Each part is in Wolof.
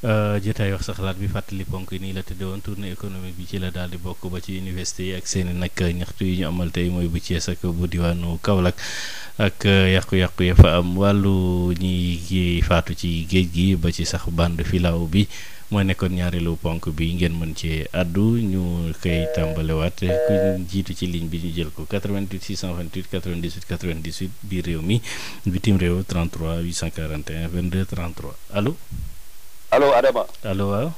Euh, jotaay wax sax xalaat bi fàttali ponk yi nii la tëddee woon tournée économique bi ci la daal di bokk ba ci université yi ak seen i nag ñaxtu yi ñu amal tey mooy bu Thiès ak bu diwaanu Kaolack ak euh, yàqu-yàqu ya fa am wàllu ñiy faatu ci géej gi ba ci sax bande filaaw bi mooy nekkoon ñaareelu ponk bi ngeen mën ci àddu ñu koy tàmbalewaat ku jiitu ci ligne bi ñu jël ko 88 628 98 98 biir réew mi bitim réew 33 841 22 33 allo. allo Adama. allo waaw.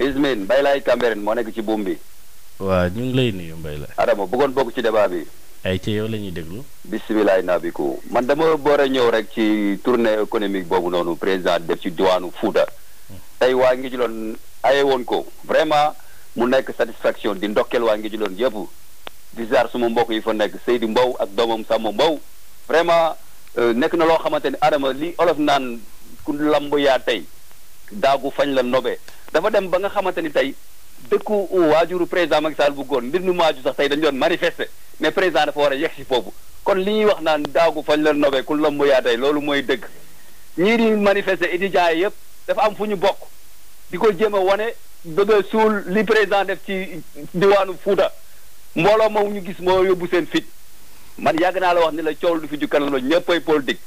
Ismaël Mbaye laay Cambérène moo nekk ci buum bi. waaw ñu ngi lay nuyu Mbaye laay. Adama bëggoon bokk ci débat bi. ay ca yow la ñuy déglu. bisimilah nabiku man dama boor a ñëw rek ci tournée économique boobu noonu président def ci diwaanu Fouta. tey waa ngi juloon aye woon ko vraiment mu nekk satisfaction di ndokkeel waa ngi juloon yëpp di ziar suma mbokk yi fa nekk Seydou Mbow ak doomam Samba Mbow. vraiment euh, nekk na loo xamante ni Adama li olof naan ku lamb yaa tey. daagu fañ la nobee dafa dem ba nga xamante ni tey dëkku waajuru président Macky Sall bu góor mbir nu maaju sax tey dañu doon manifester mais président dafa war a yegg si foofu kon li ñuy wax naan daagu fañ la nobee ku la yaa tey loolu mooy dëgg ñii di manifester étudiants yëpp dafa am fu ñu bokk di ko jéem a wane bëgg suul li président def ci diwaanu Fuuta mbooloo moom ñu gis moo yóbbu seen fit man yàgg naa la wax ni la coow du fi jukkanam la ñëppay politique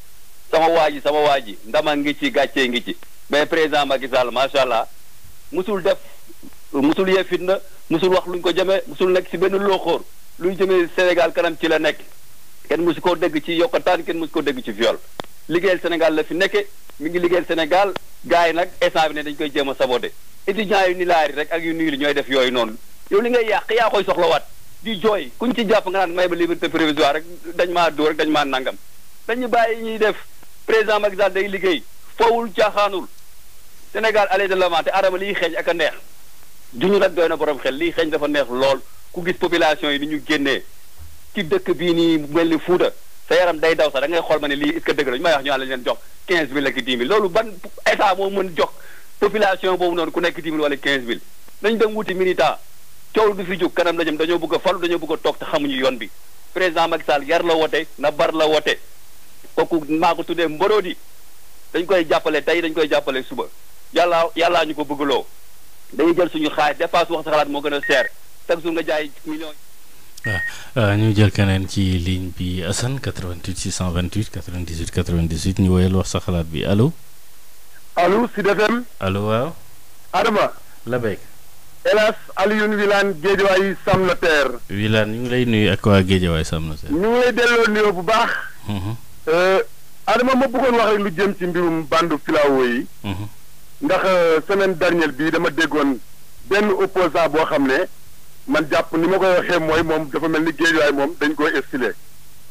sama waa ji sama waa ji ndama ngi ci gàccee ngi ci mais président Macky Sall macha allah musul def musul yee fitna musul wax luñ ko jëmee musul nekk si benn lu luy jëmee Sénégal kanam ci la nekk kenn musu koo dégg ci yokkataan kenn musu koo dégg ci viol liggéey Sénégal la fi nekke mu ngi liggéeyal Sénégal gars yi nag instant bi ne dañu koy jéem a saboté étudiants yu ni laari rek ak yu nii li ñooy def yooyu noonu yow li ngay yàq yaa koy soxlawaat di jooy kuñ ci jàpp nga naan may ba liberté provisoire rek dañ maa dóor dañ maa nangam dañu bàyyi ñuy def président Macky Sall day liggéey fowul caaxaanul Sénégal allé de l'avant te adama liy xeeñ ak a neex juñu rek doy na borom xel liy xeeñ dafa neex lool ku gis population yi ni ñu génnee ci dëkk bii nii mel ni Fuuta sa yaram day daw sax da ngay xool ma ne lii est-ce que dëgg la ñu may wax ñu àlla leen jox 15000 ak 10000 loolu ban état moo mën jox population boobu noonu ku nekk 10000 wala 15000 nañ dem wuti militant coow du fi jóg kanam la dañoo bëgg a falu dañoo bëgg toog te xamuñu yoon bi président Macky Sall yar la woote na bar la woote kooku maa ko tuddee mborodi dañ koy jàppale tey dañ koy jàppale suba yàllaa yàllaa ñu ko bëggloo dañuy jël suñu xaalis dépasse wax sa xalaat moo gën a seer chaque jour nga jaay millions waaw ah, ah, ñu jël keneen ci ligne bi Assane 88 628 98 98 ñu woyal wax sa xalaat bi allo. allo Sud FM. allo waaw. Adama. la béy. hélas Alioune Wilane Géejawaay Sam Notaire. Wilane ñu ngi lay nuyu ak waa Géejawaay Sam Notaire. ñu ngi lay delloo nuyoo bu baax. Mhm. Euh, Adama ma bëggoon wax rek lu jëm ci mbirum bandu filao yi. Mhm. ndax euh, semaine dernière bii dama déggoon benn opposant boo xam ne man jàpp ni ma koy waxee mooy moom dafa mel ni géej moom dañ koy estilé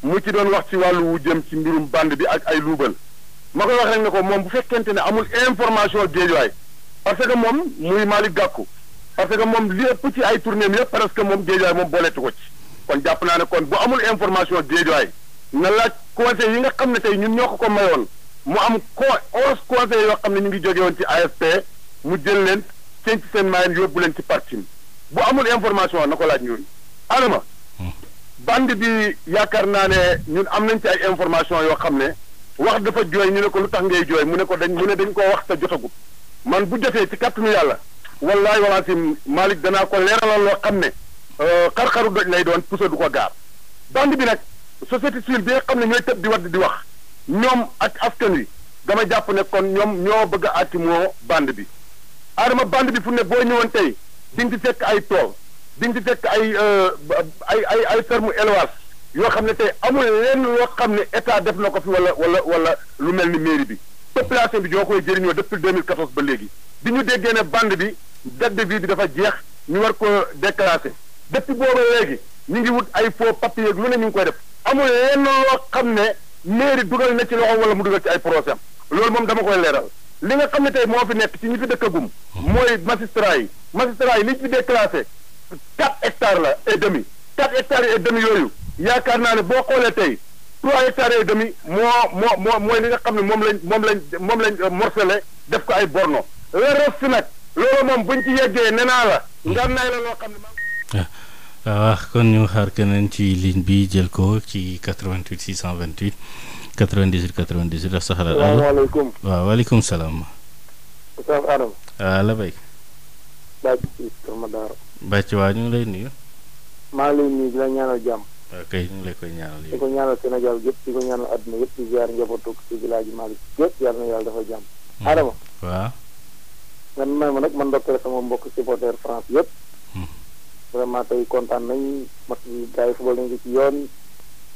mu ci doon wax ci wàllu jëm ci mbirum bande bi ak ay luubal ma koy wax rek ne ko moom bu fekkente ne amul information géej waay parce que moom muy Malick Gakou parce que moom lépp ci ay tournéem yëpp parce que moom géej waay moom booleetu ko ci kon jàpp naa ne kon bu amul information géej na laaj conseil yi nga xam ne tey ñun ñoo ko ko mayoon mu am co onze conseillers yoo xam ne ñu ngi jóge woon ci AFP mu jël leen seen ci seen maayen yóbbu leen ci parti bu amul information na ko laaj ñooñu. Adama. Hmm. bande bi yaakaar naa ne ñun am nañ ci ay information yoo xam ne wax dafa jooy ñu ne ko lu tax ngay jooy mu ne ko dañ mu ne dañ koo wax te jotagut man bu jotee ci kàttanu yàlla wallaay walaasim Malick danaa ko leeralal loo xam ne euh, xar-xaru doj lay doon pousse du ko gaar bi nag. société civile bi nga xam ne ñooy tëb di wadd di wax ñoom ak askan wi dama jàpp ne kon ñoom ñoo bëgg a moo bande bi. Adama bande bi fu ne boo ñëwoon tey di nga ci fekk ay tool di nga ci fekk ay euh, ay ay ay ferme élevage yoo xam ne tey amul leen loo xam ne état def na ko fi wala wala wala lu mel ni mairie bi. population bi joo koy jëriñoo depuis 2014 ba léegi bi ñu déggee ne bande bi date de vie bi dafa jeex ñu war ko déclassé depuis booba léegi ñu ngi wut ay faux papier lu ne ñu ngi koy def. amul lenn loo xam ne mairie dugal na ci loxo wala mu dugal ci ay procès loolu moom dama koy leeral li nga xam ne tey moo fi nekk ci ñi fi dëkkagum. mooy magistrat yi magistrat yi liñ fi déclassé quatre hectares la et demi quatre hectares et demi yooyu yaakaar naa ne boo xoolee tey trois hectares et demi moo moo moo mooy li nga xam ne moom lañ moom lañ moom lañ euh, morcelé def ko ay borno le reste nag loolu moom buñ ci yeggee nee naa la. Mm. ngar naay la loo xam ne maa waaw ah, kon ñu xaar keneen ci ligne bi jël ko ci 88 628 98 98 ak sa xalaat. salaamaaleykum waaw waaleykum salaam. Oustaz Adama. Ah, waaw la bay. bàcc si sama bàcc waa ñu ngi lay nuyu. maa ngi lay nuyu di la ñaanal jàmm. ok ñu ngi lay koy ñaanal yow. di ko ñaanal Sénégal yëpp di ñaanal àdduna yëpp di ziar njabootu ci village Malick yëpp yàlla na yàlla dafa jàmm. Hmm. Adama. waaw. man may ma nag man ndokkale sama mbokk supporter France yëpp. vraiment tey kontaan nañ mat gars yi football nañ ko ci yoon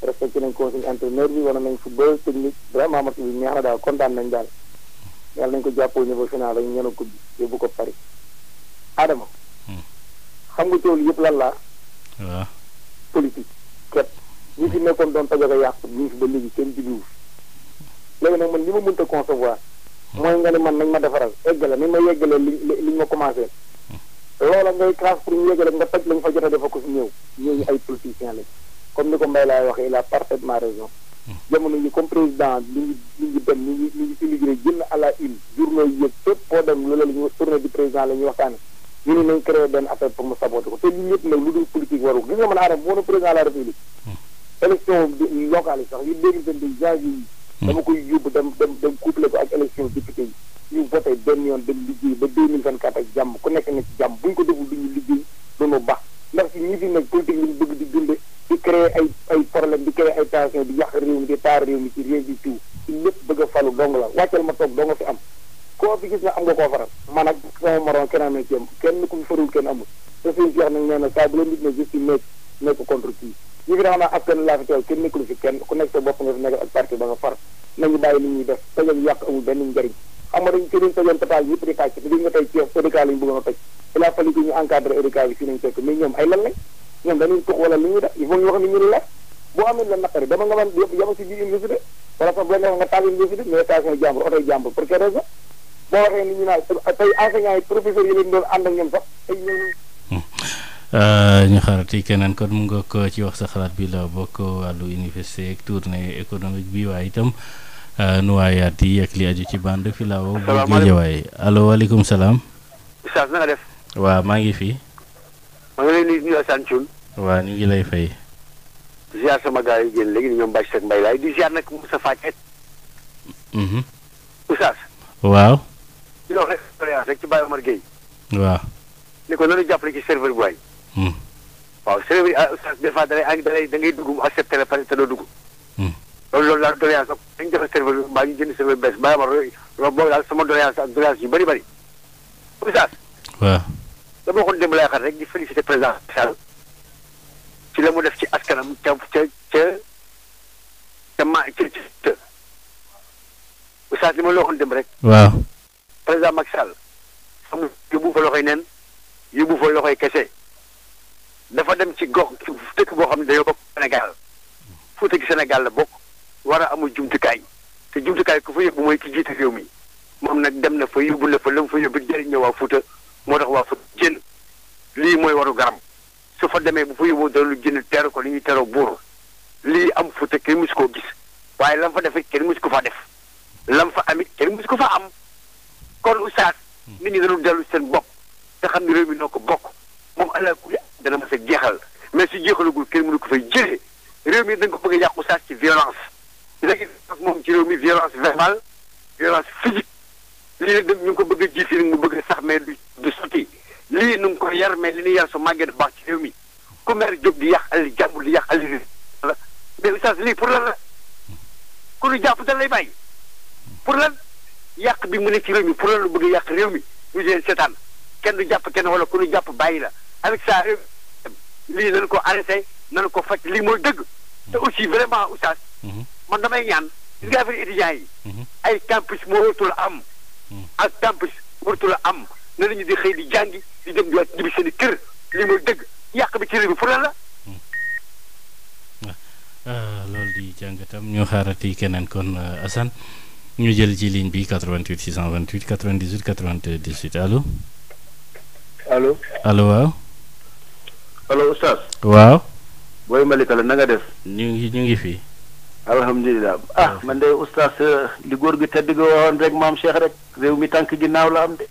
respecté nañ ko suñu entraîneur bi wane nañ football technique vraiment mat bi neex na daal kontaan nañ daal yàlla nañ ko jàppoo niveau final ak ñeneen coupe bi yóbbu ko Paris Adama hmm. xam nga tool yëpp lan laa waaw politique képp ñi fi nekkoon doon tajoga yàqu ñii fi ba léegi kenn jibiwu léegi nag man li ma mënta concevoir hmm. mooy nga ne man nañ ma defaral eggale nañ ma yeggalee li li ñu ma commencé loola ngay kaas pour ñu yëgale nga toj lañ fa jot a defa ko fi ñëw ñooñu ay politiciens lañ comme ni ko Mbaye laay waxee il a parfaitement raison jamono yi comme président mi ngi dem mi ngi mi ngi immigré à la une journaux yi yëpp fépp foo dem loola la ñu tournée du président la ñuy waxtaane ñu ne nañ créé benn affaire pour mu saboté ko te li ñëpp nag lu dul politique waru gis nga mën aadam bu woon président la république élection locale yi sax yu deux mille vingt deux yi dama dem dem dem couplé ko ak élection yi ñu voté benn yoon dem liggéey ba 2024 ak jàmm ku nekk na ci jàmm bu ko deful duñu liggéey duñu baax ndax si ñi fi nekk politique lañu bëgg di dunde di créer ci réew bëgg a falu dong la wàccal ma toog doo nga fi am koo fi gis na am nga koo kenn amee ci am kenn ku fi farul kenn amul te suñu nekk kenn ku nekk sa bopp nga fi nekk ak parti ba nga far nañu bàyyi li ñuy def tajam yàq amul benn njariñ xam na dañ ci dañ tojoon total bi yëpp di tàcc tey ci EDK lañ bëggoon a toj il a fallu que ñu encadré il faut ñu wax ni ñu lu leer boo amee la naqari dama nga man yëpp yama si biir université wala sax boo nga taal université mais station jàmbur oto jàmbur pour quelle raison boo waxee ni ñu naan tey enseignants yi professeurs ñoom sax tey ñoom hmm. euh, ñu keneen kon mu nga ko ci wax sa xalaat bi la bokk wàllu université tournée économique bi waaye itam Euh, nuwaayaat yi ak e li aju ci bande filaawo bu Géejawaay allo waaleykum salaam. Oustaz na def. waaw maa ngi fi. maa ngi lay nuyu di nuyu Assane Thioune. waaw ngi lay fay. ziar sama gars yi génn léegi ñoom Bachir Mbaye laay di ziar nag Moussa Faye. Mhm. Oustaz. waaw. di la wax rek expérience rek ci Baye Omar Gueye. waaw. ni ko nanu jàppale ci serveur bu waay. Mhm. waaw serveur yi ah Oustaz des da ngay dugg mu accepté la pare te doo dugg. loolu loolu daal doléance ak dañu defar serveur bi mbaa ñu jënd serveur bees mbaa ma loolu boobu daal sama doléance ak doléance yu bëri bëri. oustaz. waaw. la ma waxoon démb laay xar rek di féliciter président Sall ci la mu def ci askanam ca ca ca ca ma ca ca. oustaz li ma la waxoon démb rek. waaw. président Macky Sall. amul yóbbu fa loxoy neen yóbbu fa loxoy kese. dafa dem ci gox dëkk boo xam ne dañoo bokk Sénégal. Fuuta gi Sénégal la bokk. war a amul jumtukaay te jumtukaay ku fa yóbbu mooy ki jiite réew mi moom nag dem na fa yóbbu la fa la mu fa yóbbu jëriñ na waa Fuuta moo tax waa Fuuta jën lii mooy waru garam su fa demee bu fa yóbbu dana jën teeru ko li ñuy teroo buur lii am Fuuta kenn mus koo gis waaye lam fa defee kenn mus ko fa def lam fa amit kenn mus ko fa am kon oustaz hmm. nit ñi dañu dellu seen bokk te xam ne réew mi noo ko bokk moom allah kulli dana mas a jeexal mais su jeexalagul kenn mënu ko fay jëlee réew mi dañ ko bëgg a yàqu oustaz ci violence léegi nag moom ci réew mi violence verbale violence physique lii nag ñu ko bëgg a jiite nag mu bëgg sax mais du du sotti lii nu ngi ko yar mais li ñuy yar su màggee du baax ci réew mi ku mer jóg di yàq ali jàmbur di yàq ali li mais ustaas lii pour la la ku ñu jàpp dañ lay bàyyi pour lan yàq bi mu ne ci réew mi pour lu bëgg a yàq réew mi ñu leen seetaan kenn du jàpp kenn wala ku ñu jàpp bàyyi la avec ça euh, lii nañu ko arrêté nañu ko faj lii mooy dëgg te aussi vraiment ustaas mm-hmm. man damay ñaan gis nga affaire étudiants yi. Mhm. ay campus moo la am. Mhm. ak campus wërtul am ne la ñu di xëy di jàngi di dem di waat ñibbi kër lii mooy dëgg yàq bi ci réew mi fu lan la. Mhm. Ah, loolu di jàngatam ñu xaarati keneen kon euh, Assane ñu jël ci ligne bi 88 628 98 98 allo. allo allo waaw. allo oustaz. waaw. booy Malika la na def. ñu ngi ñu ngi fii. alhamdulilah ah man de oustaz eh, li góor gi tedd gi waxoon rek maam Cheikh rek réew mi tànk ginnaaw la am de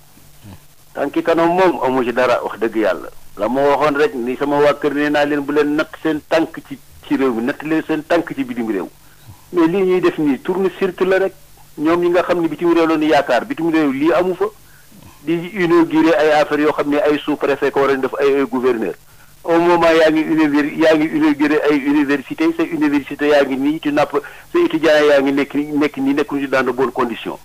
tànki kanam moom amu ci dara wax dëgg yàlla la moo waxoon rek ni sama waa kër nee naa leen bu leen natt seen tànk ci ci réew mi natt leen seen tànk ci bitim réew mais lii ñuy def nii tourne surtout la rek ñoom ñi nga xam ni bitim réew la ñu yaakaar bitim réew lii amu fa di inauguré ay affaires yoo xam ne ay sous préfet ko war a def ay gouverneur au moment yaa ngi univers yaa ngi inauguré ay université sa université yaa ngi nii tu napp sa étudiants yaa ngi nekk nekk nii nekkuñu dans de bonnes conditions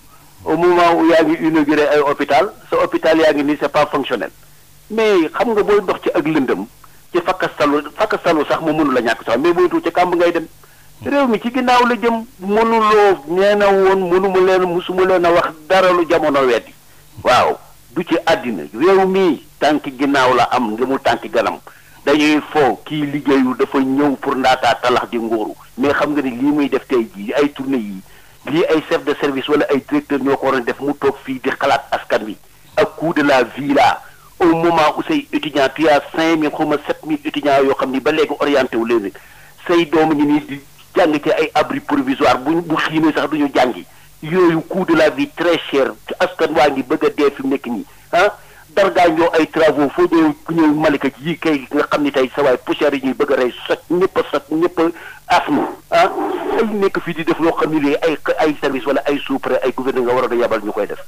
au moment où yaa ngi inauguré ay hôpital sa hôpital yaa ngi nii c'est pas fonctionnel mais xam nga booy ndox ci ak lëndëm ci fakkastalu fakkastalu sax mu mënula ñàkk sax mais booy tuut ci kàmb ngay dem réew mi ci ginnaaw la jëm mënuloo nee na woon mënuma leen musuma leen a wax dara lu jamono weddi waaw du ci àddina réew mii tànk ginnaaw la am nga mu tànk dañuy fo kii liggéeyu dafa ñëw pour ndaata talax di ngóoru mais xam nga ni lii muy def tey jii ay tournée yi lii ay chef de service wala ay directeur ñoo ko waroon def mu toog fii di xalaat askan wi ak coût de la vie là au moment où say étudiants tu as cinq mille xaw ma sept yoo xam ni ba léegi orienté wu leen say doomu ngi nii di jàng ci ay abri provisoire bu bu xiinee sax duñu jàngi yooyu coût de la vie très cher askan waa ngi bëgg a dee fi mu nekk nii ah. dara gaañoo ay travaux foo ñëw ñëw Malika ji kay nga xam ni tey sa waay poussière yi ñuy bëgg a rey sot ñëpp a a ah ay nekk fii di def loo xam ne lii ay ay service wala ay sous-préfet ay gouverneur nga waroon a yabal ñu koy def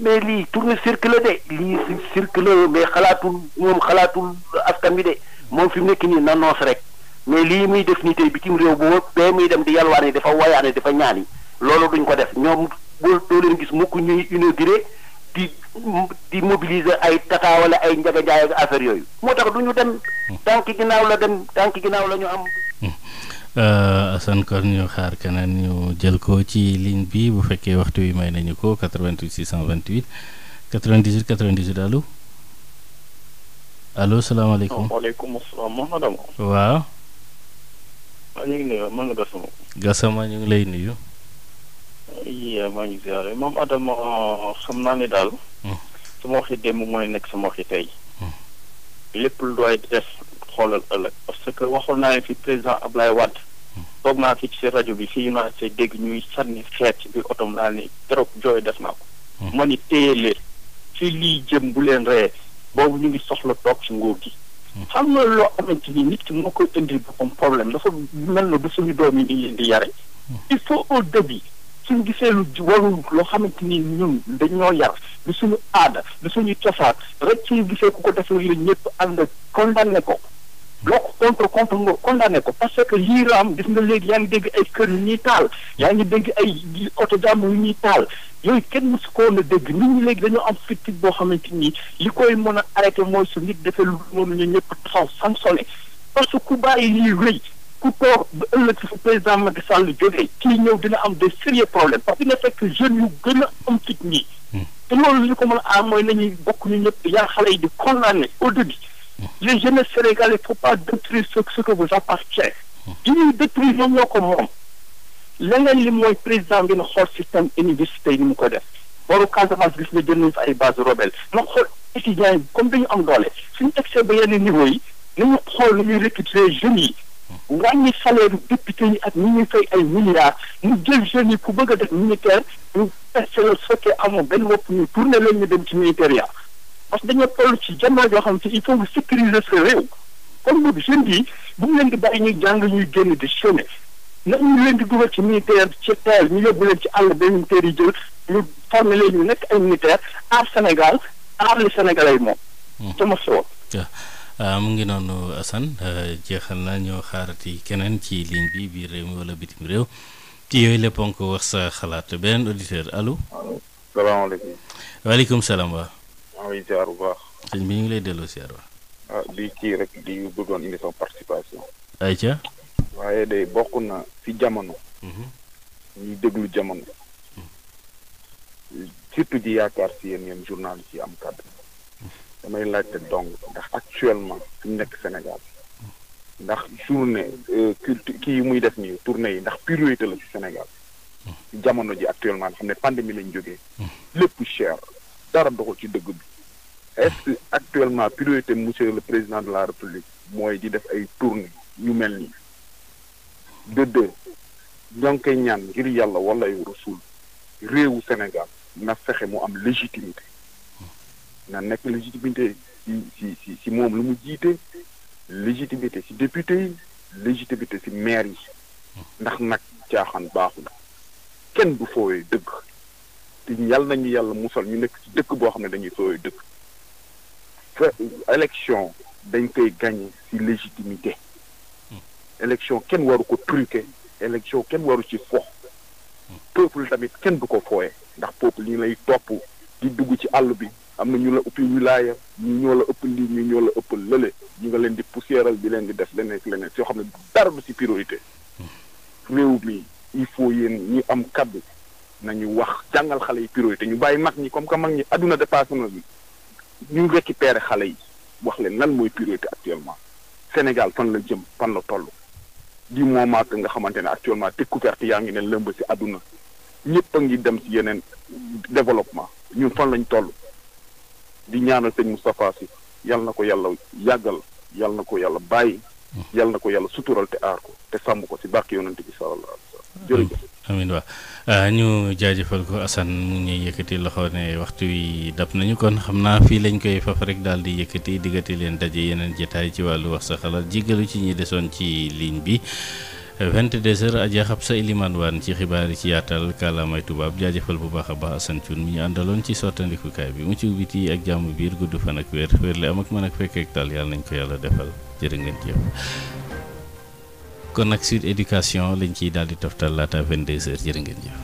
mais lii tourne circule de lii circule mais xalaatul moom xalaatul askan bi de moom fi mu nekk nii na nanoos rek mais lii muy def nii tey bitim réew boobu bee muy dem di yalwaane dafa wayaane dafa ñaani loolu duñ ko def ñoom boo doo leen gis mukk ñuy di di mobiliser ay tata wala ay njaga njaay ak affaire yooyu moo tax du ñu dem. Hmm. tànk ginnaaw la dem tànk ginnaaw la ñu am. Hmm. Euh, Assane kon ñu xaar keneen ñu jël ko ci ligne bi bu fekkee waxtu wi may nañu ko 88 628 98 98 allo allo salaamaaleykum. waaleykum salaam Mouhamed Ama. waaw. maa ngi nuyu man la Gassama. Gassama ñu ngi lay nuyu. iya euh, maa ngi ziare moom Adama xam naa ne daal. Hmm. sama waxi démb mooy nekk sama waxi tey. Hmm. lépp lu doy def xoolal ëllëg parce que waxoon naa ne fi président Ablaye Wade. Hmm. toog naa fi ci rajo bi fii naa dégg ñuy sànni xeet otom naa ni keroog def naa ko. ma ni téye fi lii jëm bu leen ree boobu ñu ngi soxla toog ci nguur gi. xam nga loo xamante ni nit moo koy indil boppam problème dafa mel na du suñu doom yi di leen di yare. il faut au début. suñu gisee lu warul loo xamante ni ñun dañoo yar du suñu aada du suñu cosaan rek suñu gisee ku ko defee la ñëpp ànd condamné ko loo ko contre contre nga condamné ko parce que lii raam gis nga léegi yaa ngi dégg ay kër yu ñuy taal yaa ngi dégg ay oto jàmm yu ñuy taal yooyu kenn mësu ko woon a dégg nit léegi dañoo am fit boo xamante ni li koy mën a arrêté mooy su nit defee lu noonu ñu ñëpp taxaw sanctionné parce que ku bàyyi lii rëy ku toog ba ëllëg si président Macky Sall jógee kii ñëw dina am de sérieux problèmes parce que dina fekk jeunes yu gën a am fit ñii hmm. te loolu li ñu ko mën a aar mooy nañuy bokk ñu ñëpp yaa xale yi di condamné au début hmm. les jeunes sénégalais faut pas détruire ce ce que vous appartient hmm. li ñuy détruire ñoom ñoo ko moom leneen li mooy président bi na xool système université yi ni mu ko def booru Casamance gis nga jël nañu fa ay base rebelle na xool étudiants yi comme dañu am doole suñu excès ba yenn niveau yi jeunes yi wàññi salaire député yi ak ñi ñuy fay ay milliards ñu jël jeunes yi ku bëgg a def militaire ñu testé la su fekkee amoo benn bopp ñu tourné leen ñu dem ci militaire parce que dañoo toll ci jamono yoo xam ne il faut nga sécuriser sa réew comme boobu jeunes yi bu mu leen di bàyyi ñuy jàng ñuy génn di chômer nag ñu leen di dugal ci militaire ci teel ñu yóbbu leen ci àll ba militaire yi jël ñu formé ñu nekk ay militaire aar Sénégal aar li Sénégalais moom. Hmm. sama soo. Ah, mu ngi noonu Assane eh, jeexal na ñoo xaarati keneen ci ligne bi biir réew mi walla bitim réew ci yooyu lépp ponk wax sa xalaat beneen auditeur allo. waaleykum salaam wa. maa ngi bi ñu ngi lay delloo ziar wa. ah di kii rek di bëggoon indi sama participation. ayca. waaye de bokk na ci jamono. Mhm. ñuy déglu jamono. Mhm. surtout di yaakaar si yéen ñoom journal ci am kàddu. damay laajte donc ndax actuellement fi nekk Sénégal ndax journée euh, culture kii yi muy def nii tournée yi ndax priorité la ci Sénégal jamono ji actuellement nga xam ne pandémie lañ jógee lépp cher dara doxul ci dëgg bi est-ce actuellement priorité monsieur le président de la république mooy di def ay tournée ñu mel nii de deux ñaan ngir yàlla wala yu rasul réewu Sénégal na fexe mu am légitimité na nekk légitimité ci ci ci moom lu mu jiite légitimité ci député yi légitimité ci maire yi ndax nag caaxaan baaxul kenn du fooyee dëgg te yàlla nañu yàlla musal ñu nekk ci dëkk boo xam ne dañuy fooyee dëgg fa élection dañ koy gañ ci légitimité élection kenn waru ko truqué élection kenn waru ci fo peuple tamit kenn du ko fooye ndax peuple ñu lay topp di dugg ci àll bi am na ñu la ëpp wilaaya ñu ñoo la ëpp lii ñu ñoo la ëpp lële ñu nga leen di poussiéral di leen di def leneen ak leneen yoo xam ne dara du ci priorité réew mi il faut yéen ñi am kaddu nañu wax jàngal xale yi priorité ñu bàyyi mag ñi comme que mag ñi adduna dépassé na ñu récupéré xale yi wax leen lan mooy priorité actuellement Sénégal fan la jëm fan la toll di moment que nga xamante ne actuellement découverte yaa ngi ne lëmb ci adduna ñëpp a ngi dem ci yeneen développement ñun fan lañ toll di ñaanal sëñ Moustapha si yal na ko yàlla yàggal yal na ko yàlla bàyyi. yal na ko yàlla sutural te aar ko te sàmm ko si barke yonent bi sallallahu alayhi wa sallam jërëjëf. amiin waaw ah, ñu jaajëfal ko Assane mu ngi yëkkati loxo ne waxtu wi dab nañu kon xam naa fii lañ koy faf rek daal di yëkkati diggati leen daje yeneen jotaay ci wàllu wax sa xalaat jéggalu ci ñi desoon ci ligne bi. 22 heures Adja Xabsa Elimane Wane ci xibaar yi ci yaatal kàllaamay tubaab jaajëfal bu baax a baax Assane Thioune mi ñu àndaloon ci sottandikukaay bi mu ci biti ak jàmm biir gudd fan ak wér wér la am ak mën ak fekk ak tal yàlla nañ ko yàlla defal jërë ngeen jëf kon nag Sud lañ ciy daal di toftal laata 22 heures jërë ngeen jëf.